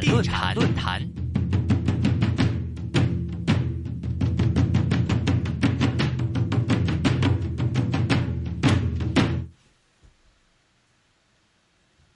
論壇論壇。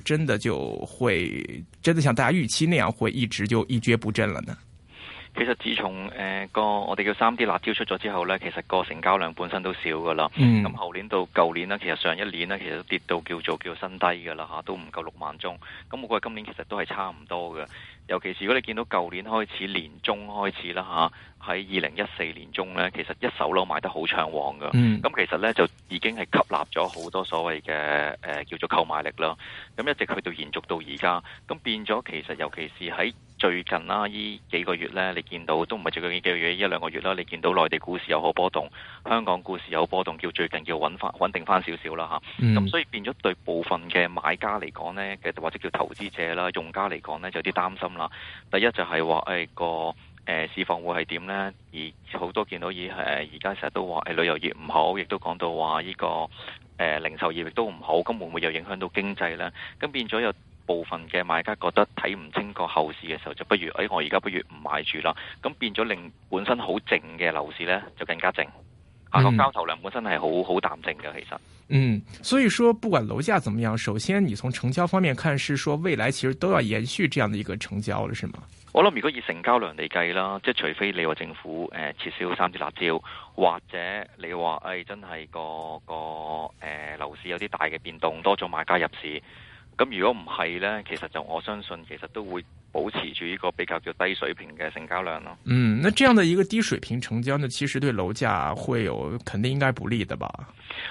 真的就會真的像大家預期那樣，會一直就一蹶不振了呢？其實自從誒個我哋叫三 D 辣椒出咗之後呢，其實個成交量本身都少噶啦。咁、mm. 後年到舊年呢，其實上一年呢，其實都跌到叫做叫做新低噶啦嚇，都唔夠六萬宗。咁我估今年其實都係差唔多嘅。尤其是如果你見到舊年開始年中開始啦嚇，喺二零一四年中呢，其實一手樓賣得好暢旺噶。咁、mm. 其實呢，就已經係吸納咗好多所謂嘅誒叫做購買力啦。咁一直去到延續到而家，咁變咗其實尤其是喺最近啦，依幾個月咧，你見到都唔係最近幾個月，一兩個月啦，你見到內地股市有好波動，香港股市有波動，叫最近叫搵翻穩定翻少少啦吓，咁所以變咗對部分嘅買家嚟講咧嘅，或者叫投資者啦、用家嚟講咧，就有啲擔心啦。第一就係話誒個、呃、市況會係點咧？而好多見到而家成日都話誒旅遊業唔好，亦都講到話呢、這個誒、呃、零售業亦都唔好，咁會唔會又影響到經濟咧？咁變咗又。部分嘅買家覺得睇唔清個後市嘅時候，就不如誒、哎、我而家不如唔買住啦。咁變咗令本身好靜嘅樓市呢，就更加靜。啊，個交投量本身係好好淡靜嘅，其實。嗯，所以說，不管樓價怎麼樣，首先你從成交方面看，是說未來其實都要延續這樣的一個成交，是嗎？我諗如果以成交量嚟計啦，即係除非你話政府誒、呃、撤銷三支辣椒，或者你話誒、哎、真係個個誒、呃、樓市有啲大嘅變動，多咗買家入市。咁如果唔係呢，其實就我相信，其實都會保持住呢個比較叫低水平嘅成交量咯。嗯，那這樣的一個低水平成交，呢其實對樓價會有肯定應該不利的吧？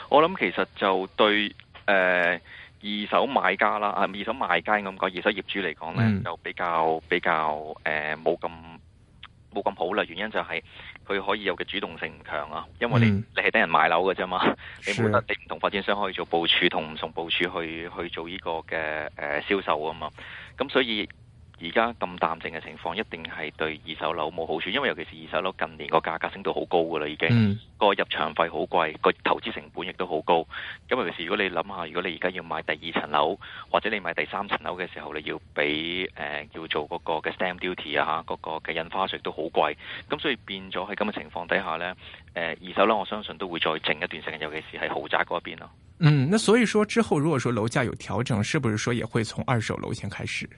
我諗其實就對誒、呃、二手買家啦，啊二手買家咁講，二手業主嚟講呢，就比較比較誒冇咁冇咁好啦。原因就係、是。佢可以有嘅主動性唔強啊，因為你、嗯、你係等人買樓嘅啫嘛，你冇得你唔同發展商可以做部署，同唔同部署去去做呢個嘅誒、呃、銷售啊嘛，咁所以。而家咁淡靜嘅情況，一定係對二手樓冇好處，因為尤其是二手樓近年個價格升到好高㗎喇，已經個、嗯、入場費好貴，個投資成本亦都好高。咁尤其是如果你諗下，如果你而家要買第二層樓或者你買第三層樓嘅時候，你要俾誒叫做嗰個嘅 Stamp Duty 啊吓，嗰、那個嘅印花稅都好貴。咁所以變咗喺咁嘅情況底下呢，誒、呃，二手樓我相信都會再靜一段時間，尤其是喺豪宅嗰一邊咯。嗯，那所以說之後如果說樓價有調整，是不是說也會從二手樓先開始？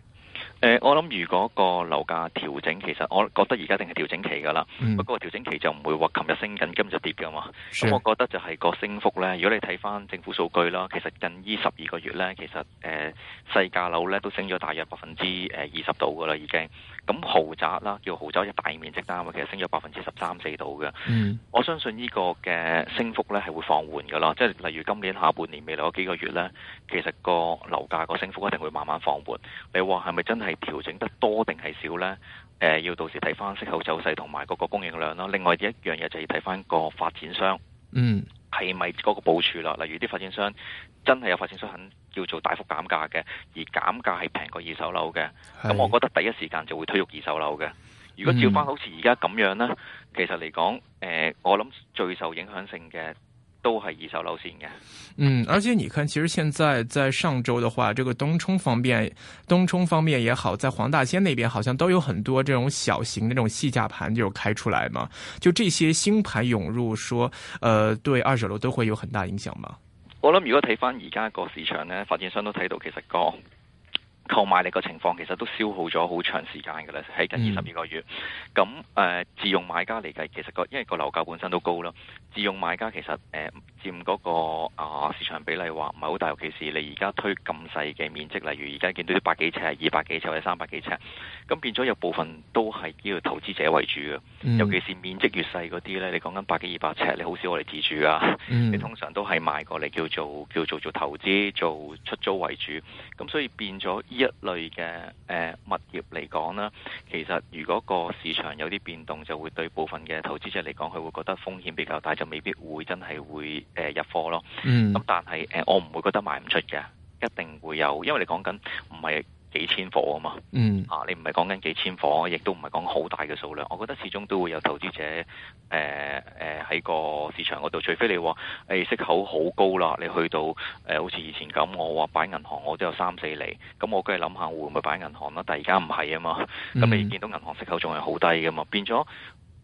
誒、呃，我諗如果個樓價調整，其實我覺得而家定係調整期噶啦。不、嗯、過、那個、調整期就唔會話琴日升緊，今日跌噶嘛。咁我覺得就係個升幅咧，如果你睇翻政府數據啦，其實近依十二個月咧，其實誒，細、呃、價樓咧都升咗大約百分之誒二十度噶啦，已經。咁豪宅啦，叫豪宅一大面積單位，其實升咗百分之十三四度嘅。Mm. 我相信呢個嘅升幅咧，係會放緩嘅啦。即係例如今年下半年未來嗰幾個月咧，其實個樓價個升幅一定會慢慢放緩。你話係咪真係調整得多定係少咧？誒、呃，要到時睇翻息口走勢同埋嗰個供應量啦。另外一樣嘢就要睇翻個發展商，嗯，係咪嗰個部署啦？例如啲發展商真係有發展商肯。要做大幅減價嘅，而減價係平過二手樓嘅，咁我覺得第一時間就會推促二手樓嘅。如果照返好似而家咁樣咧，嗯，其實嚟講，誒、呃，我諗最受影響性嘅都係二手樓線嘅。嗯，而且你看，其實現在在上周的話，這個東涌方面，東涌方面也好，在黃大仙那邊，好像都有很多這種小型，這種細價盤就開出來嘛。就這些新盤湧入，說，誒、呃，對二手樓都會有很大影響嗎？我諗，如果睇翻而家個市場咧，發展商都睇到其實個購買力個情況其實都消耗咗好長時間㗎啦，喺近二十二個月。咁、嗯、誒、呃，自用買家嚟計，其實、那個因為個樓價本身都高啦。自用買家其實誒、呃、佔嗰、那個啊市場比例話唔係好大，尤其是你而家推咁細嘅面積，例如而家見到啲百幾尺、二百幾尺或者三百幾尺，咁變咗有部分都係呢個投資者為主嘅、嗯。尤其是面積越細嗰啲咧，你講緊百幾二百尺，你好少我哋自住啊、嗯，你通常都係買過嚟叫做叫做做投資做出租為主。咁所以變咗。一類嘅誒物業嚟講啦，其實如果個市場有啲變動，就會對部分嘅投資者嚟講，佢會覺得風險比較大，就未必會真係會誒入貨咯。嗯，咁但係誒，我唔會覺得賣唔出嘅，一定會有，因為你講緊唔係幾千伙啊嘛，嚇、嗯啊、你唔係講緊幾千伙，亦都唔係講好大嘅數量。我覺得始終都會有投資者誒誒喺個市場嗰度，除非你話誒、欸、息口好高啦，你去到誒、呃、好似以前咁，我話擺銀行我都有三四厘咁我梗係諗下會唔會擺銀行啦，但係而家唔係啊嘛，咁、嗯、你見到銀行息口仲係好低噶嘛，變咗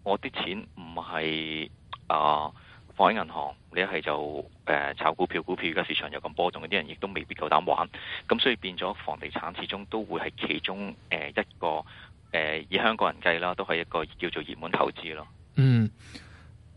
我啲錢唔係啊。放喺銀行，你一係就誒、呃、炒股票，股票而家市場又咁波動，啲人亦都未必夠膽玩，咁所以變咗房地產始終都會係其中誒、呃、一個誒、呃、以香港人計啦，都係一個叫做熱門投資咯。嗯。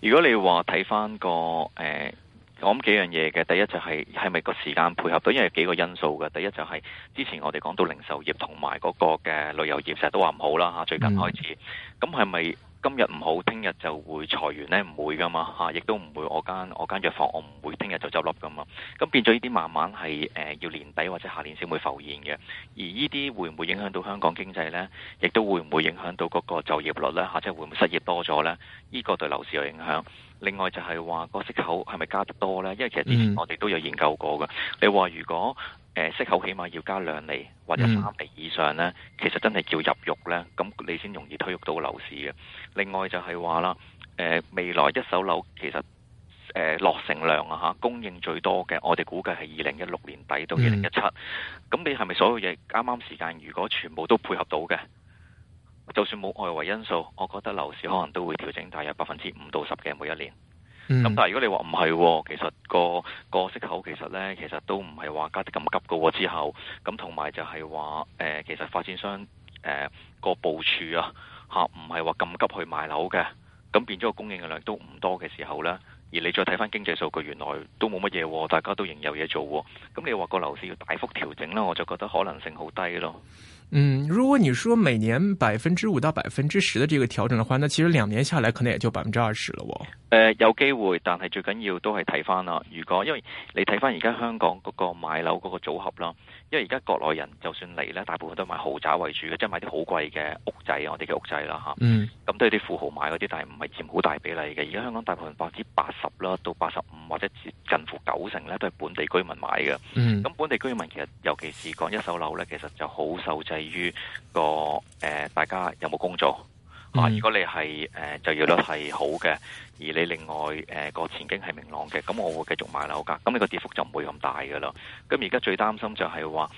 如果你話睇翻個、欸、我諗幾樣嘢嘅，第一就係係咪個時間配合到？因為幾個因素嘅，第一就係、係、之前我哋講到零售業同埋嗰個嘅旅遊業成日都話唔好啦吓。最近開始咁係咪？嗯今日唔好，聽日就會裁員呢，唔會噶嘛，亦都唔會我間我間藥房，我唔會聽日就執笠噶嘛。咁變咗呢啲慢慢係、呃、要年底或者下年先會浮現嘅。而呢啲會唔會影響到香港經濟呢？亦都會唔會影響到嗰個就業率呢？或者會會唔會失業多咗呢？呢、呢個對樓市有影響。另外就係話個息口係咪加得多呢？因為其實之前我哋都有研究過嘅、嗯。你話如果誒、呃、息口起碼要加兩厘或者三厘以上呢，嗯、其實真係叫入肉呢，咁你先容易推郁到個樓市嘅。另外就係話啦，未來一手樓其實、呃、落成量啊嚇供應最多嘅，我哋估計係二零一六年底到二零一七。咁、嗯、你係咪所有嘢啱啱時間？如果全部都配合到嘅？就算冇外圍因素，我覺得樓市可能都會調整大約百分之五到十嘅每一年。咁、嗯、但係如果你話唔係，其實、那個個息口其實呢，其實都唔係話加得咁急嘅喎、哦。之後咁同埋就係話，誒、呃、其實發展商誒個部署啊，嚇唔係話咁急去買樓嘅。咁變咗個供應嘅量都唔多嘅時候呢。而你再睇翻經濟數據，原來都冇乜嘢喎，大家都仍有嘢做喎。咁你話個樓市要大幅調整咧，我就覺得可能性好低咯。嗯，如果你說每年百分之五到百分之十嘅這個調整的話，那其實兩年下來可能也就百分之二十了。我。我、呃、有機會，但係最緊要都係睇翻啦。如果因為你睇翻而家香港嗰個買樓嗰個組合啦，因為而家國內人就算嚟，呢大部分都係買豪宅為主嘅，即係買啲好貴嘅屋仔，我哋嘅屋仔啦吓。咁、嗯啊、都有啲富豪買嗰啲，但係唔係佔好大比例嘅。而家香港大部分百分之八十啦，到八十五或者近乎九成呢，都係本地居民買嘅。咁、嗯、本地居民其實尤其是講一手樓呢，其實就好受漲。例如個誒、呃，大家有冇工作啊？如果你係誒、呃、就業率係好嘅，而你另外誒個、呃、前景係明朗嘅，咁我會繼續買樓噶。咁你個跌幅就唔會咁大噶啦。咁而家最擔心就係話。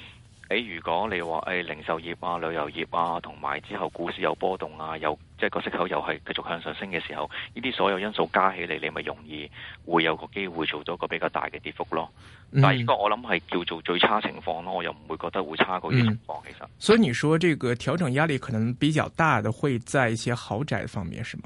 誒、哎，如果你話誒、哎、零售業啊、旅遊業啊，同埋之後股市有波動啊，有即係、就是、個息口又係繼續向上升嘅時候，呢啲所有因素加起嚟，你咪容易會有個機會做到一個比較大嘅跌幅咯。但係呢個我諗係叫做最差情況咯，我又唔會覺得會差過啲情況嘅、嗯。其實。所以你說這個調整壓力可能比較大的會在一些豪宅方面，是嗎？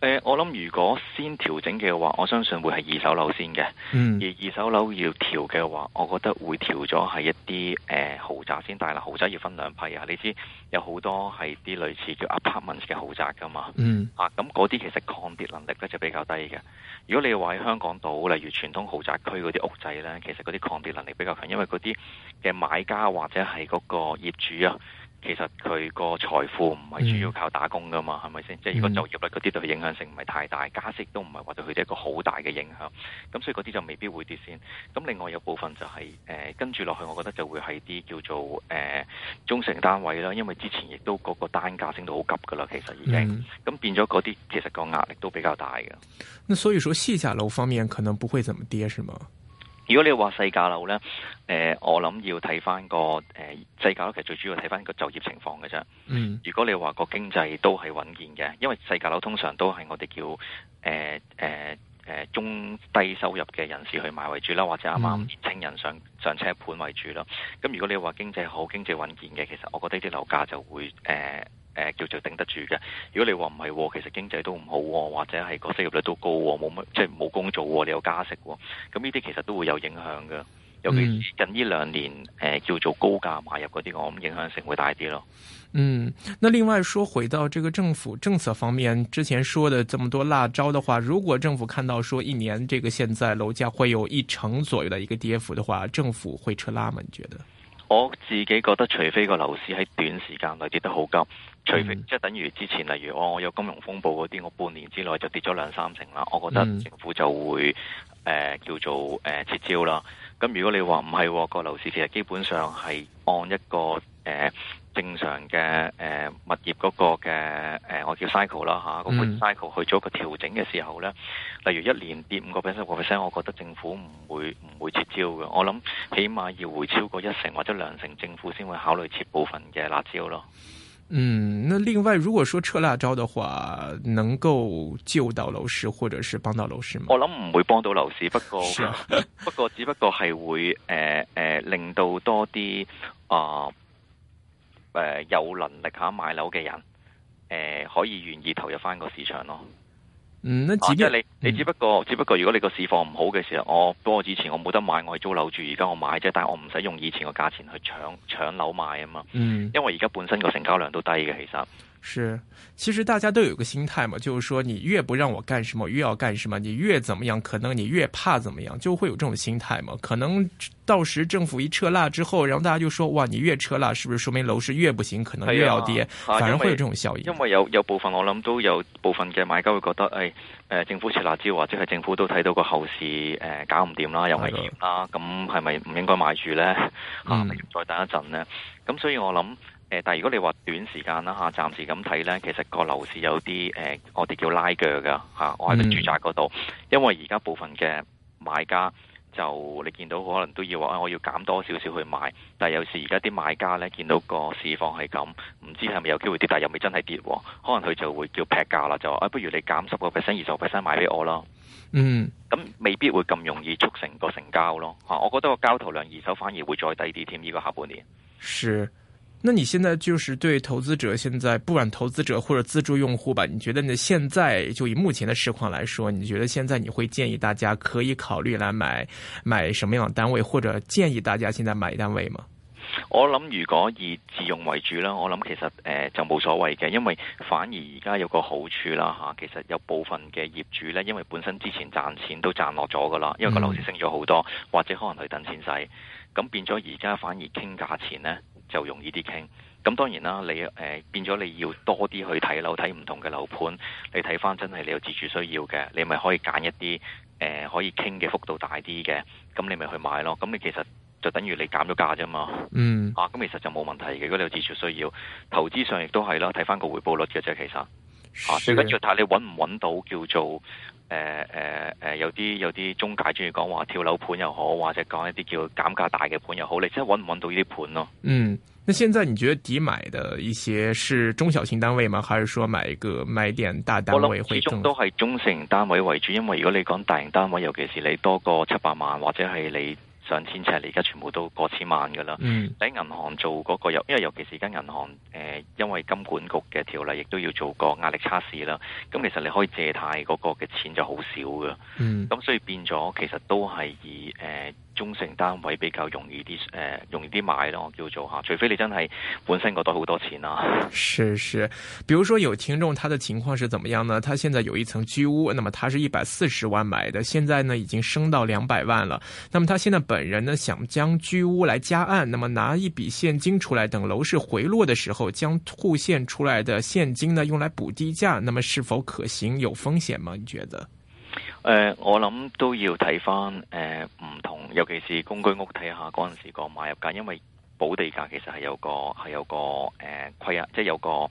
誒、呃，我諗如果先調整嘅話，我相信會係二手樓先嘅。嗯，而二手樓要調嘅話，我覺得會調咗係一啲誒、呃、豪宅先。但係啦，豪宅要分兩批啊。你知有好多係啲類似叫 apartments 嘅豪宅㗎嘛？嗯，啊，咁嗰啲其實抗跌能力咧就比較低嘅。如果你話喺香港島，例如傳統豪宅區嗰啲屋仔咧，其實嗰啲抗跌能力比較強，因為嗰啲嘅買家或者係嗰個業主啊。其實佢個財富唔係主要靠打工噶嘛，係咪先？即係如果就業率嗰啲對佢影響性唔係太大，嗯，加息都唔係話對佢哋一個好大嘅影響。咁所以嗰啲就未必會先跌先。咁另外有部分就係、是、誒、呃、跟住落去，我覺得就會係啲叫做誒、呃、中成單位啦，因為之前亦都嗰個單價升到好急噶啦，其實已經咁、嗯、變咗嗰啲，其實個壓力都比較大嘅。那所以說，細價樓方面可能不會怎麼跌，是嗎？如果你話細價樓呢，誒、呃，我諗要睇翻個誒細、呃、價樓，其實最主要睇翻個就業情況嘅啫。嗯，如果你話個經濟都係穩健嘅，因為細價樓通常都係我哋叫誒誒誒中低收入嘅人士去買為主啦，或者啱啱年輕人上上車盤為主囉。咁、嗯、如果你話經濟好、經濟穩健嘅，其實我覺得啲樓價就會誒。呃誒叫做頂得住嘅。如果你話唔係喎，其實經濟都唔好、哦，或者係個失業率都高喎、哦，冇乜即係冇工做喎，你有加息喎、哦，咁呢啲其實都會有影響嘅。尤其近呢兩年誒、嗯呃、叫做高價買入嗰啲，我諗影響性會大啲咯。嗯，那另外說回到這個政府政策方面，之前說的這麼多辣招的話，如果政府看到說一年這個現在樓價會有一成左右嘅一個跌幅的話，政府會撤辣嗎？你覺得？我自己覺得、嗯，除非個樓市喺短時間內跌得好急，除非即係等於之前，例如我、哦、我有金融風暴嗰啲，我半年之內就跌咗兩三成啦，我覺得政府就會誒、嗯呃、叫做誒、呃、撤招啦。咁如果你話唔係喎，哦這個樓市其實基本上係按一個誒。呃正常嘅誒、呃、物業嗰個嘅誒、呃，我叫 cycle 啦、啊、嚇，那個 cycle 去咗個調整嘅時候咧、嗯，例如一年跌五個 percent，五 percent，我覺得政府唔會唔會撤招嘅。我諗起碼要回超過一成或者兩成，政府先會考慮撤部分嘅辣椒咯。嗯，那另外，如果說撤辣椒的話，能夠救到樓市，或者是幫到樓市嗎？我諗唔會幫到樓市，不過 不過只不過係會誒誒、呃呃、令到多啲啊。呃誒、呃，有能力吓、啊、買樓嘅人，誒、呃，可以願意投入翻個市場咯。嗯，呃啊呃、你，你只不過，嗯、只不過如果你個市況唔好嘅時候，我，我以前我冇得買，我去租樓住，而家我買啫，但係我唔使用，用以前個價錢去搶搶樓買啊嘛。嗯，因為而家本身個成交量都低嘅，其實。是，其實大家都有個心態嘛，就是說你越不讓我幹什麼，越要幹什麼，你越怎麼樣，可能你越怕怎麼樣，就會有這種心態嘛。可能到時政府一撤辣之後，然後大家就說，哇，你越撤辣，是不是說明樓市越不行，可能越要跌，啊、反而會有這種效應。啊、因為，因為有有部分我諗都有部分嘅買家會覺得，誒、哎呃，政府撤辣之後，或者係政府都睇到個後市誒、呃、搞唔掂啦，又危險啦，咁係咪唔應該買住呢、嗯、再等一陣呢。咁所以我諗。誒，但係如果你話短時間啦嚇，暫時咁睇咧，其實個樓市有啲誒、呃，我哋叫拉鋸噶嚇，我喺度住宅嗰度、嗯，因為而家部分嘅買家就你見到可能都要話、啊，我要減多少少去買。但係有時而家啲買家咧見到個市況係咁，唔知係咪有機會跌，但係又未真係跌喎、啊，可能佢就會叫劈價啦，就話、啊、不如你減十個 percent、二十個 percent 買俾我咯。嗯，咁未必會咁容易促成個成交咯嚇、啊。我覺得個交投量二手反而會再低啲添，呢、呢個下半年。是。那你現在就是對投資者，現在不管投資者或者自住用戶吧，你覺得你現在就以目前的市況來說，你覺得現在你會建議大家可以考慮來買買什麼樣的單位，或者建議大家現在買單位嗎？我諗如果以自用為主啦，我諗其實誒、呃、就冇所謂嘅，因為反而而家有個好處啦吓、啊，其實有部分嘅業主咧，因為本身之前賺錢都賺落咗噶啦，因為個樓市升咗好多、嗯，或者可能佢等錢使，咁變咗而家反而傾價錢咧。就容易啲傾，咁當然啦，你誒、呃、變咗你要多啲去睇樓，睇唔同嘅樓盤，你睇翻真係你有自住需要嘅，你咪可以揀一啲、呃、可以傾嘅幅度大啲嘅，咁你咪去買咯。咁你其實就等於你減咗價啫嘛。嗯。啊，咁其實就冇問題嘅。如果你有自住需要，投資上亦都係啦，睇翻個回報率嘅啫，其實。啊！最緊要睇下你揾唔揾到叫做誒誒誒，有啲有啲中介中意講話跳樓盤又好，或者講一啲叫減價大嘅盤又好，你即係揾唔揾到呢啲盤咯？嗯，那現在你覺得抵買的一些是中小型單位嗎？還是說買一個買點大單位會？嗯、我諗始終都係中型單位為主，因為如果你講大型單位，尤其是你多過七百萬或者係你。上千尺你而家全部都過千萬噶啦。喺、嗯、銀行做嗰、那個，又因為尤其是而家銀行誒、呃，因為金管局嘅條例，亦都要做個壓力測試啦。咁其實你可以借貸嗰個嘅錢就好少噶。咁、嗯、所以變咗，其實都係以誒、呃、中性單位比較容易啲誒、呃、容易啲買咯，我叫做嚇。除非你真係本身覺得好多錢啦、啊。是是，比如說有聽眾，他的情況是怎麼樣呢？他現在有一層居屋，那麼他是一百四十萬買的，現在呢已經升到兩百萬了。那麼他現在本本人呢想將居屋來加按，那麼拿一筆現金出來，等樓市回落的時候，將套現出來的現金呢用來補地價，那麼是否可行？有風險嗎？你覺得？誒、呃，我諗都要睇翻誒唔同，尤其是公居屋睇下嗰陣時個買入價，因為補地價其實係有個係有個誒規啊，即係有個。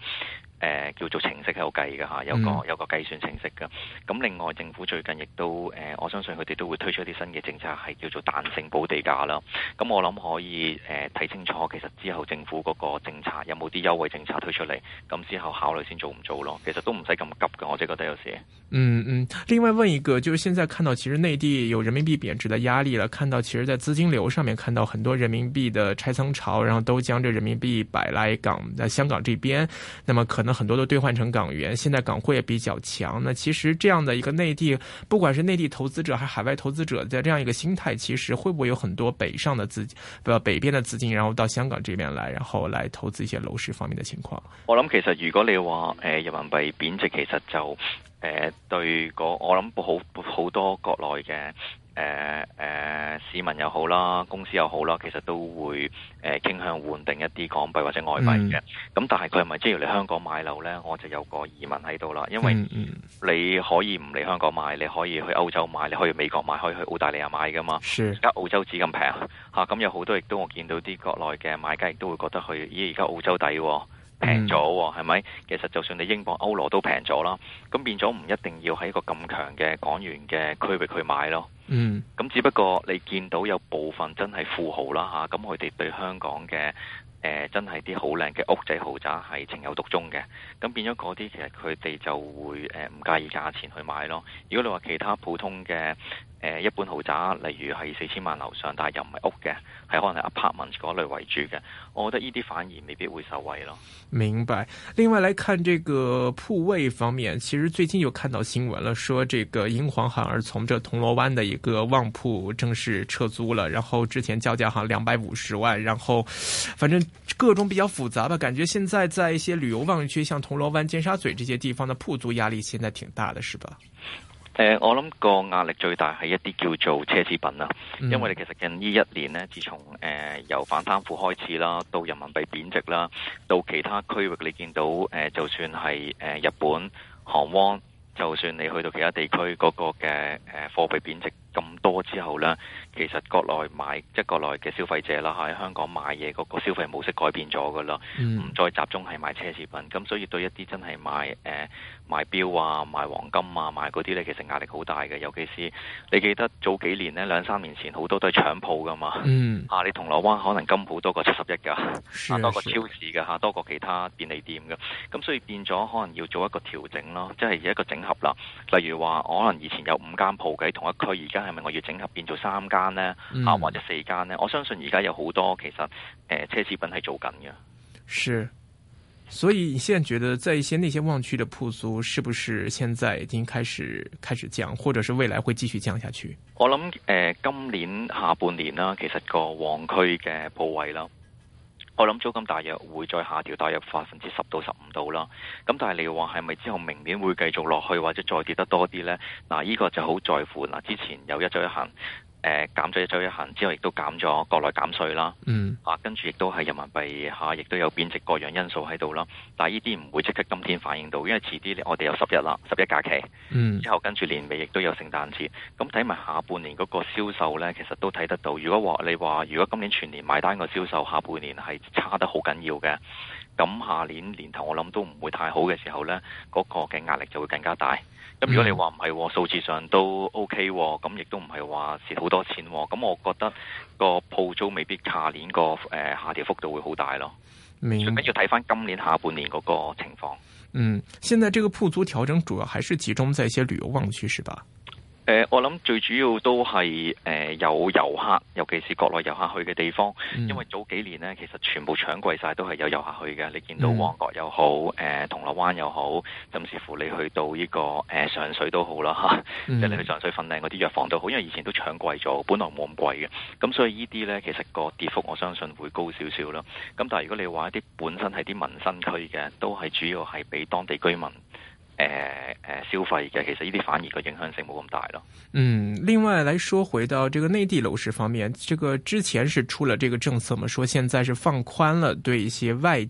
誒叫做程式喺度計嘅吓，有個有個計算程式嘅。咁另外政府最近亦都誒，我相信佢哋都會推出啲新嘅政策，係叫做彈性補地價啦。咁我諗可以誒睇清楚，其實之後政府嗰個政策有冇啲優惠政策推出嚟，咁之後考慮先做唔做咯。其實都唔使咁急嘅，我覺得有時嗯嗯，另外問一個，就係、是、現在看到其實內地有人民幣貶值嘅壓力啦，看到其實在資金流上面看到很多人民幣的拆倉潮，然後都將這人民幣擺嚟港，在香港這邊，那麼可能、嗯。嗯很多都兌換成港元，現在港匯也比較強。那其實這樣的一個內地，不管是內地投資者還是海外投資者，在這樣一個心態，其實會不會有很多北上的資金，不北邊的資金，然後到香港這邊來，然後來投資一些樓市方面的情況？我諗其實如果你話誒、呃、人民幣貶值，其實就誒、呃、對個我諗好好多國內嘅。誒、呃、誒、呃，市民又好啦，公司又好啦，其實都會誒傾、呃、向換定一啲港幣或者外幣嘅。咁、嗯、但係佢係咪即要嚟香港買樓咧？我就有個疑問喺度啦，因為你可以唔嚟香港買，你可以去歐洲買，你可以去美國買，可以去澳大利亞買㗎嘛。而家澳洲紙咁平嚇，咁、啊、有好多亦都我見到啲國內嘅買家亦都會覺得佢咦而家澳洲抵喎，平咗係咪？其實就算你英鎊、歐羅都平咗啦，咁變咗唔一定要喺一個咁強嘅港元嘅區域去買咯。嗯，咁只不過你見到有部分真係富豪啦嚇，咁佢哋對香港嘅誒、呃、真係啲好靚嘅屋仔豪宅係情有獨鍾嘅，咁變咗嗰啲其實佢哋就會誒唔、呃、介意價錢去買咯。如果你話其他普通嘅誒、呃、一般豪宅，例如係四千萬樓上，但係又唔係屋嘅，係可能係 apartment 嗰類為主嘅，我覺得呢啲反而未必會受惠咯。明白。另外嚟看呢個鋪位方面，其實最近有看到新聞啦，說這個英皇反而從這銅鑼灣的一個旺鋪正式撤租了，然後之前叫價，好像兩百五十萬，然後反正各種比較複雜吧，感覺現在在一些旅遊旺區，像銅鑼灣、尖沙咀這些地方的鋪租壓力現在挺大的，是吧？誒、呃，我諗個壓力最大係一啲叫做奢侈品啊，因為其實近呢一年呢，自從誒、呃、由反貪腐開始啦，到人民幣貶值啦，到其他區域你見到誒、呃，就算係誒、呃、日本、韓、汪，就算你去到其他地區嗰個嘅誒、呃、貨幣貶值。咁多之後呢，其實國內買即係國內嘅消費者啦，喺香港買嘢嗰個消費模式改變咗㗎啦，唔再集中係買奢侈品，咁所以對一啲真係買誒、呃賣錶啊，賣黃金啊，賣嗰啲呢，其實壓力好大嘅。尤其是你記得早幾年呢，兩三年前好多都係搶鋪㗎嘛。嗯。啊，你銅鑼灣可能金鋪多過七十一㗎，多過超市㗎，嚇，多過其他便利店㗎。咁所以變咗可能要做一個調整咯，即係一個整合啦。例如話，我可能以前有五間鋪嘅同一區，而家係咪我要整合變做三間呢？啊、嗯，或者四間呢？我相信而家有好多其實誒、呃、奢侈品係做緊嘅。是。所以，你現在覺得在一些那些旺區的鋪租，是不是現在已經開始開始降，或者是未來會繼續降下去？我諗誒、呃，今年下半年啦，其實個旺區嘅鋪位啦，我諗租金大約會再下調大約百分之十到十五度啦。咁但係你話係咪之後明年會繼續落去，或者再跌得多啲咧？嗱，呢個就好在乎啦。之前有一早一行。誒、呃、減咗一周一行之後，亦都減咗國內減稅啦。嗯、mm. 啊，啊，跟住亦都係人民幣下亦都有貶值各樣因素喺度啦。但呢啲唔會即刻今天反映到，因為遲啲我哋有十日啦，十一假期。Mm. 之後跟住年尾亦都有聖誕節。咁睇埋下半年嗰個銷售呢，其實都睇得到。如果話你話，如果今年全年買單個銷售下半年係差得好緊要嘅。咁下年年頭我諗都唔會太好嘅時候呢，嗰、那個嘅壓力就會更加大。咁如果你話唔係喎，數字上都 O K，咁亦都唔係話蝕好多錢、哦，咁我覺得個鋪租未必下年個誒、呃、下跌幅度會好大咯。最緊要睇翻今年下半年嗰個情況。嗯，現在這個鋪租調整主要還是集中在一些旅遊旺區，是吧？誒、呃，我諗最主要都係誒、呃、有遊客，尤其是國內遊客去嘅地方，嗯、因為早幾年呢，其實全部搶貴晒，都係有遊客去嘅。你見到旺角又好，誒、呃、銅鑼灣又好，甚至乎你去到呢、這個誒、呃、上水都好啦、嗯，即係你去上水粉嶺嗰啲藥房都好，因為以前都搶貴咗，本來冇咁貴嘅。咁所以呢啲呢，其實個跌幅我相信會高少少咯。咁但係如果你話一啲本身係啲民生區嘅，都係主要係俾當地居民。誒誒，消費嘅其實呢啲反而個影響性冇咁大咯。嗯，另外來說，回到這個內地樓市方面，這個之前是出了這個政策嘛，說現在是放寬了對一些外，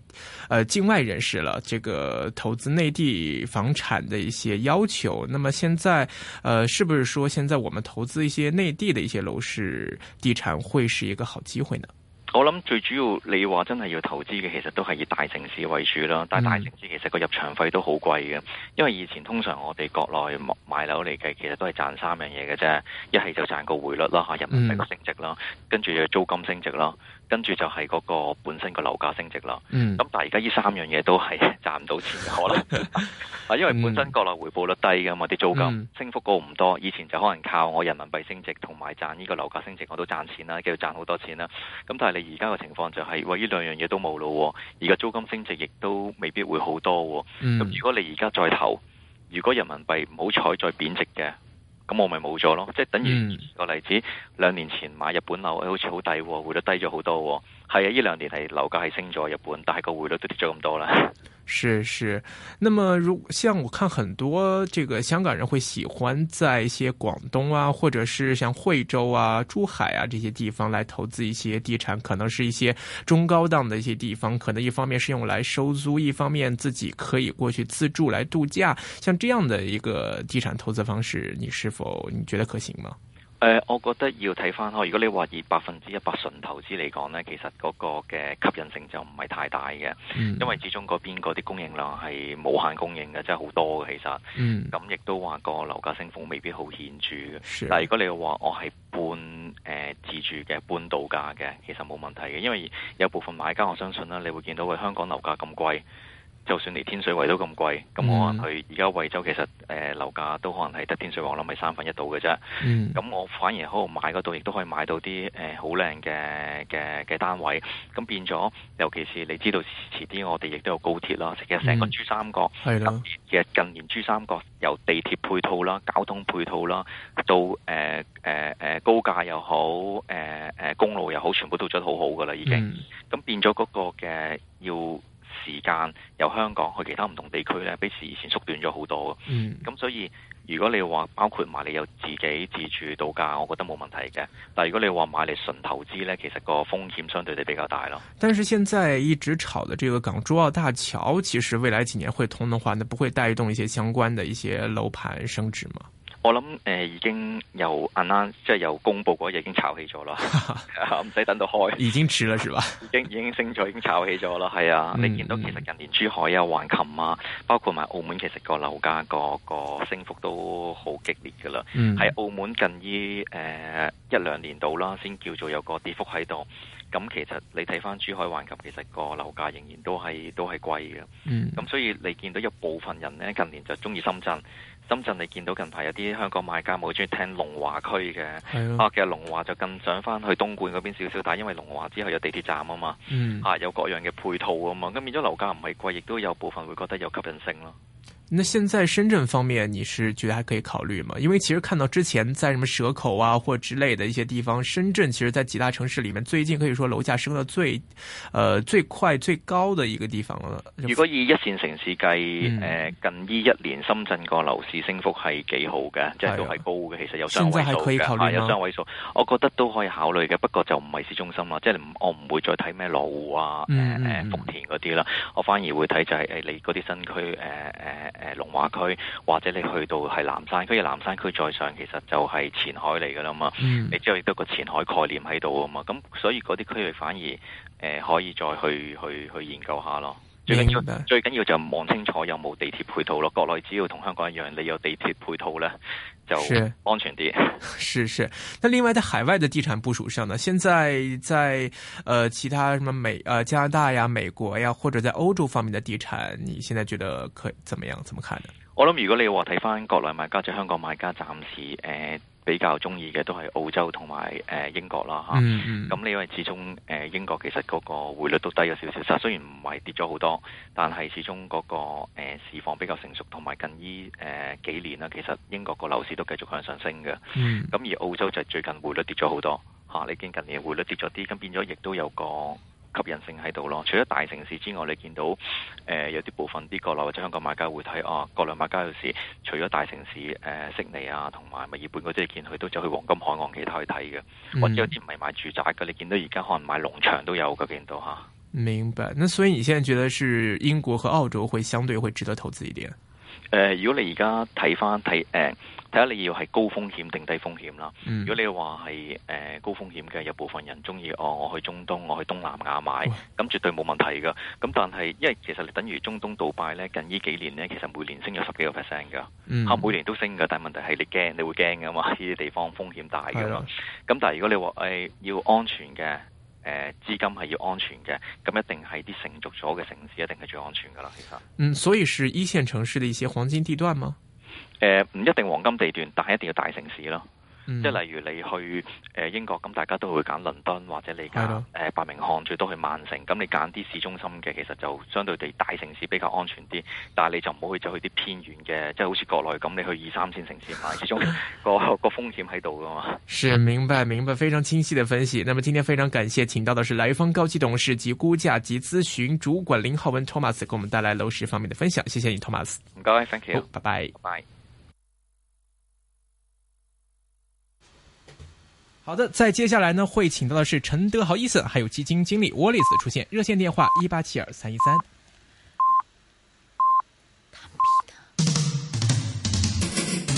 呃，境外人士了，這個投資內地房產的一些要求。那麼現在，呃，是不是說現在我們投資一些內地的一些樓市地產會是一個好機會呢？我諗最主要，你話真係要投資嘅，其實都係以大城市為主啦。但係大城市其實個入場費都好貴嘅，因為以前通常我哋國內買樓嚟計，其實都係賺三樣嘢嘅啫，一係就賺個匯率啦，吓人民幣個升值囉，跟住又租金升值咯。跟住就係嗰個本身個樓價升值啦。咁、嗯、但係而家呢三樣嘢都係賺唔到錢嘅可能，啊， 因為本身國內回報率低㗎嘛，啲、嗯、租金升幅高唔多。以前就可能靠我人民幣升值同埋賺呢個樓價升值我都賺錢啦，繼續賺好多錢啦。咁但係你而家嘅情況就係、是、喂，呢兩樣嘢都冇咯，而家租金升值亦都未必會好多。咁、嗯、如果你而家再投，如果人民幣唔好彩再貶值嘅。咁我咪冇咗咯，即係等於個例子、嗯，兩年前買日本樓好，好似好抵喎，匯率低咗好多喎。係啊，依兩年係樓價係升咗一半，但係個匯率都跌咗咁多啦。是是，那麼如像我看，很多這個香港人會喜歡在一些廣東啊，或者是像惠州啊、珠海啊這些地方來投資一些地產，可能是一些中高檔的一些地方，可能一方面是用來收租，一方面自己可以過去自住來度假，像這樣的一個地產投資方式，你是否你覺得可行嗎？誒、呃，我覺得要睇翻，如果你話以百分之一百純投資嚟講呢，其實嗰個嘅吸引性就唔係太大嘅、嗯，因為始中嗰邊嗰啲供應量係無限供應嘅，真係好多嘅其實。咁亦都話個樓價升幅未必好顯著嘅。但如果你話我係半誒、呃、自住嘅、半度假嘅，其實冇問題嘅，因為有部分買家我相信啦，你會見到佢香港樓價咁貴。就算你天水圍都咁貴，咁我可能去而家，嗯、惠州其實，誒、呃、樓價都可能係得天水圍攬咪三分一度嘅啫。咁、嗯、我反而可能買嗰度亦都可以買到啲好靚嘅嘅嘅單位。咁變咗，尤其是你知道遲啲我哋亦都有高鐵啦。其實成個珠三角，特、嗯、嘅近年珠三角由地鐵配套啦、交通配套啦、到、呃呃呃、高架又好、呃，公路又好，全部都做得好好噶啦，已經。咁、嗯、變咗嗰個嘅要時間由香港去其他唔同地區呢，比以前縮短咗好多嘅。咁、嗯、所以如果你話包括埋你有自己自住度假，我覺得冇問題嘅。但如果你話買嚟純投資呢，其實個風險相對地比，比較大咯。但是現在一直炒的這個港珠澳大橋，其實未來幾年會通的話，呢，不會帶動一些相關的一些樓盤升值嘛？我諗誒、呃，已經由啱啱即係由公布嗰日已經炒起咗啦，唔 使、啊、等到開。 已經遲啦，是吧？已經已經升咗，已經炒起咗啦。係啊，嗯、你見到其實近年珠海啊、橫琴啊，包括埋澳門，其實個樓價個、這個升幅都好激烈噶啦。喺、嗯、澳門近依誒、呃、一兩年度啦，先叫做有個跌幅喺度。咁其實你睇返珠海橫琴，其實個樓價仍然都係都係貴嘅。咁、嗯、所以你見到有部分人咧，近年就中意深圳。深圳你見到近排有啲香港買家冇中意聽龍華區嘅。啊，其實龍華就更想翻去東莞嗰邊少少，但係因為龍華之後有地鐵站啊嘛、嗯、啊嘛，啊有各樣嘅配套啊嘛，咁變咗樓價唔係貴，亦都有部分會覺得有吸引性咯。那現在深圳方面，你是覺得還可以考慮嗎？因為其實看到之前在什麼蛇口啊或之類的一些地方，深圳其實，在幾大城市裏面，最近可以說樓價升到最，呃最快最高的一個地方啦。如果以一線城市計，誒、嗯呃、近依一,一年深圳個樓市升幅係幾好嘅，即、哎、係、就是、都係高嘅，其實有三位數有三位數，我覺得都可以考慮嘅。不過就唔係市中心啦，即、就、係、是、我唔會再睇咩羅湖啊，誒、嗯、誒、呃、福田嗰啲啦，我反而會睇就係誒你嗰啲新區，誒、呃、誒。呃誒、呃、龍華區或者你去到係南山區，南山區再上其實就係前海嚟噶啦嘛，嗯、你之後亦都有個前海概念喺度啊嘛，咁所以嗰啲區域反而誒、呃、可以再去去去研究下咯。最緊要，明明的最緊要就望清楚有冇地鐵配套咯。國內只要同香港一樣，你有地鐵配套咧，就安全啲。是是，是，那另外在海外的地產部署上呢？現在在呃其他什麼美啊、呃、加拿大呀美國呀，或者在歐洲方面的地產，你現在覺得可怎麼樣？怎麼看呢？我諗如果你話睇返國內買家就香港買家暫時，暫時誒。比較中意嘅都係澳洲同埋誒英國啦嚇，咁、啊、你、mm-hmm. 嗯、因為始終誒、呃、英國其實嗰個匯率都低咗少少，其實雖然唔係跌咗好多，但係始終嗰、那個、呃、市況比較成熟，同埋近依誒、呃、幾年啊，其實英國個樓市都繼續向上升嘅，咁、mm-hmm. 而澳洲就最近匯率跌咗好多嚇、啊，你見近年匯率跌咗啲，咁變咗亦都有個。吸引性喺度咯，除咗大城市之外，你見到誒、呃、有啲部分啲國內或者香港買家會睇哦，國內買家有時除咗大城市誒悉尼啊，同埋墨爾本啲見佢都走去黃金海岸其他去睇嘅，或者有啲唔係買住宅嘅、嗯，你見到而家可能買農場都有嘅見到嚇。明白，那所以你現在覺得是英國和澳洲會相對會值得投資一點？誒、呃，如果你而家睇翻睇誒。睇下你要係高風險定低風險啦、嗯。如果你話係誒高風險嘅，有部分人中意哦，我去中東，我去東南亞買，咁、嗯、絕對冇問題嘅。咁、嗯、但係因為其實你等於中東杜拜咧，近呢幾年咧，其實每年升咗十幾個 percent 嘅，嚇、嗯、每年都升嘅。但係問題係你驚，你會驚嘅嘛？呢啲地方風險大嘅咯。咁但係如果你話誒、呃、要安全嘅，誒、呃、資金係要安全嘅，咁、嗯、一定係啲成熟咗嘅城市，一定係最安全嘅啦。其實嗯，所以是一線城市的一些黃金地段嗎？誒、呃、唔一定黃金地段，但係一定要大城市咯。即、嗯、係例如你去誒、呃、英國，咁大家都會揀倫敦或者你揀誒伯明翰，最多去曼城。咁你揀啲市中心嘅，其實就相對地大城市比較安全啲。但係你就唔好去走去啲偏遠嘅，即、就、係、是、好似國內咁，你去二三線城市買，始終個 個，個風險喺度噶嘛。是明白明白，非常清晰嘅分析。那麼今天非常感謝請到嘅是萊方高級董事及估價及諮詢主管林浩文 Thomas，給我們帶來樓市方面嘅分享。謝謝你 Thomas。唔該，thank you，拜拜。拜。好的，在接下來呢，會請到的是陳德豪醫生，還有基金經理沃利斯。出現。熱線電話：一八七二三一三。